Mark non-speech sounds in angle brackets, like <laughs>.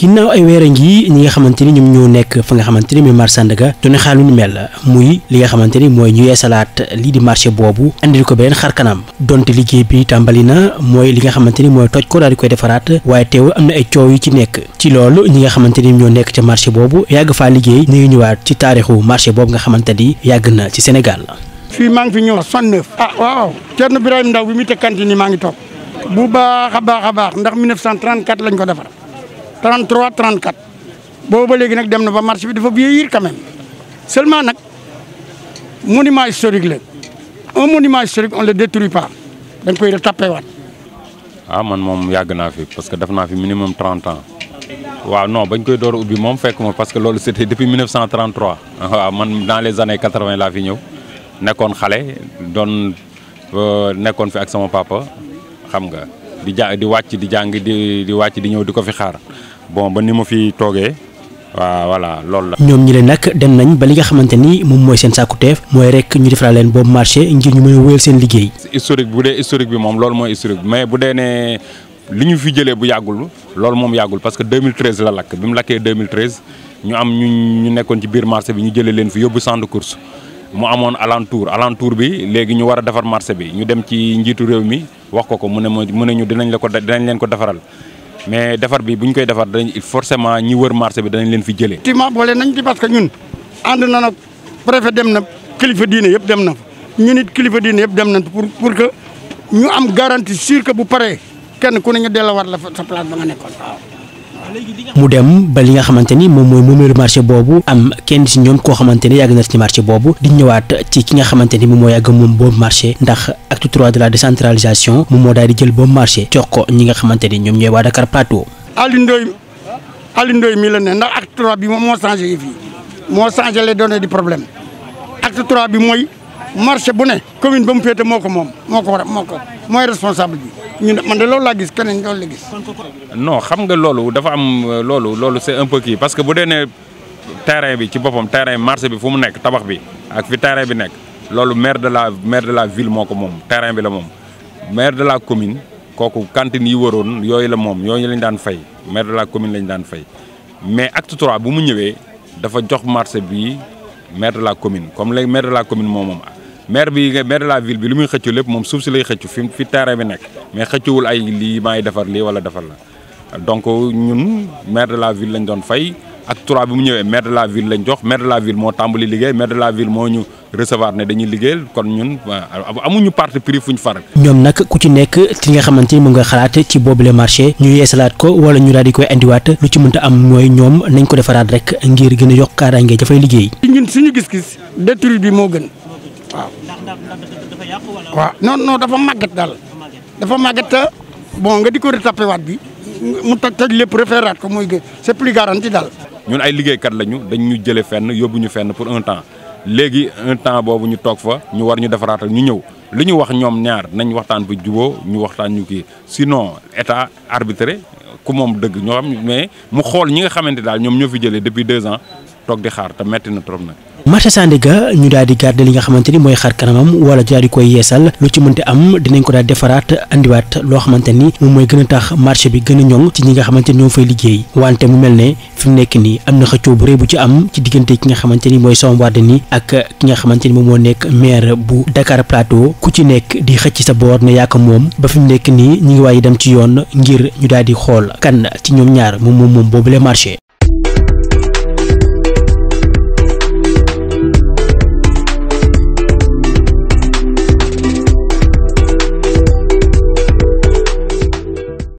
ginnaaw ay weer a ngi ñi nga xamante ni ñoom ñoo nekk fa nga xamante ni muy marché Sandaga xaalu ni mel muy li nga xamante ni mooy ñu salaat lii di marché boobu andil ko beneen xar kanam donte liggéey bi tàmbali na mooy li nga xamante ni mooy toj ko daal di koy defaraat waaye teewul am na ay coow yu ci nekk ci loolu ñi nga xamante ni ñoo nekk ca marché boobu yàgg faa liggéey ñu ngi ñëwaat ci taarixu marché boobu nga xamante yàgg na ci Sénégal. fii maa ngi fi ñëw 69. ah waaw Thierno Birahim Ndaw bi muy tekkante ni maa ngi toog bu baax a baax a baax ndax 1934 lañ ko defar 33 34 boobu ba léegi nag dem na ba marché bi dafa vieillir quand même seulement nag monument historique la un monument historique on le détruit pas dañ koy retapé waat. waaw ah, man moom yàgg naa fi parce que def naa fi minimum 30 ans waaw non bañ koy door a ubbi moom fekk ma parce que loolu c'était depuis 1933 <laughs> waaw man dans les années 80 laa fi ñëw nekkoon xale doon euh, nekkoon fi ak sama papa xam nga di ja di wàcc di jàng di di wàcc di ñëw di ko fi xaar. bon ba ni ma fi toogee waaw voilà loolu la. ñoom ñi leen nakk dem nañ ba li nga xamante ni moom mooy seen sàkkuteef mooy rek ñu defaraat leen boobu marché ngir ñu mën a wéyal seen liggéey. historique bu dee historique bi moom loolu mooy historique bi mais bu dee nee li ñu fi jëlee bu yàggul loolu moom yàggul parce que deux 2013 la lakk bi mu lakkee 2013 ñu am ñu ñu nekkoon ci biir marché bi ñu jëlee leen fi yóbbu centre de course mu amoon alentour alentour bi léegi ñu war a defar marché bi ñu dem ci njiitu réew mi wax ko ko mu ne ma mu ne ñu dinañ la ko dinañ leen ko defaral. mais defar bi bu ñu koy defar dañ forcément ñi wër marché bi danañ leen fi jëlee. effectivement boole nañ ci parce que ñun ànd na nag préfet dem na kilifa diine yëpp dem na fa ñun it kilifa diine yëpp dem na pour pour que ñu am garantie sûre bu paree kenn ku ne ñu delluwaat la sa place ba nga nekkoon waaw. mu dem ba li nga xamante ni moom mooy moomeelu marché boobu am kenn si ñoom koo xamante ni yàgg na ci marché boobu di ñëwaat ci ki nga xamante ni moom moo yàgg moom boobu marché ndax acte trois de la décentralisation moom moo daal di jël boobu marché jox ko ñi nga xamante ni ñoom ñooy waa Dakar Plateau. Aliou Ndoye Aliou Ndoye mi la ne ndax acte trois bi moom moo changé fii moo changé les données du problème acte trois bi mooy. marché bu ne commune ba mu féete moo ko moom moo ko war moo ko mooy responsable bi ñu ne man de loolu laa gis keneen loolu la gis. non xam nga loolu dafa am euh, loolu loolu c'est un peu kii parce que bu dee ne terrain bi ci boppam terrain marché bi fu mu nekk tabax bi ak fi terrain bi nekk loolu maire de la maire de la ville moo ko moom terrain bi la moom maire de la commune. kooku cantine yi waroon yooyu la moom yooyu lañ daan fay maire de la commune lañ daan fay mais acte bu mu ñëwee dafa jox marché bi maire de la commune comme léegi maire de la commune maire bi maire de la ville bi li muy xëccu lépp moom suuf si lay xëccu fi fi terrain bi nekk mais xëccuwul ay lii maay defar lii wala defar la donc ñun maire de la ville lañ doon fay ak trois bi mu ñëwee maire de la ville lañ jox maire de la ville moo tàmbali liggéey maire de la ville moo ñu recevoir ne dañuy liggéeyal kon ñun amuñu parti pris fuñ far. ñoom nag ku ci nekk ci nga xamante ni moom nga xalaat ci boobule marché ñu yeesalaat ko wala ñu daal di koy andiwaat lu ci mënta am mooy ñoom nañ ko defaraat rek ngir gën a yokk kaaraange dafay liggéey. ñun suñu gis-gis détruit waaw. ndax ndax dafa yàqu waaw non non dafa màgget daal. dafa màgget boo nga di ko retapé waat bi mu toj toj lépp refeeraat ko muy c'est plus garanti daal. ñun ay liggéeykat lañu dañ ñu jëlee fenn yóbbu ñu fenn pour un temps léegi un temps boobu ñu toog fa ñu war ñu defaraatal ñu ñëw li ñu wax ñoom ñaar nañ waxtaan bi juboo ñu waxtaan ñu kii sinon état arbitré ku moom dëgg ñoo xam mais mu xool ñi nga xamante daal ñoom ñoo fi jëlee depuis deux ans. toog di xaar te metti na trop nag. marché Sandaga ñu daal di garder li nga xamante ni mooy xar kanamam wala daal di koy yeesal lu ci mënti am dinañ ko daal defaraat andiwaat loo xamante ni moom mooy gën a tax marché bi gën a ñoŋ ci ñi nga xamante ni ñoo fay liggéey wante mu mel ne fi nekk nii am na xëccoo bu rëy bu ci am ci diggante ki nga xamante ni mooy Soham Wardini ak ki nga xamante ni moom moo nekk maire bu Dakar Plateau ku ci nekk di xëcc sa boor ne yàq moom ba fi nekk nii ñi ngi waaye dem ci yoon ngir ñu daal di xool kan ci ñoom ñaar moom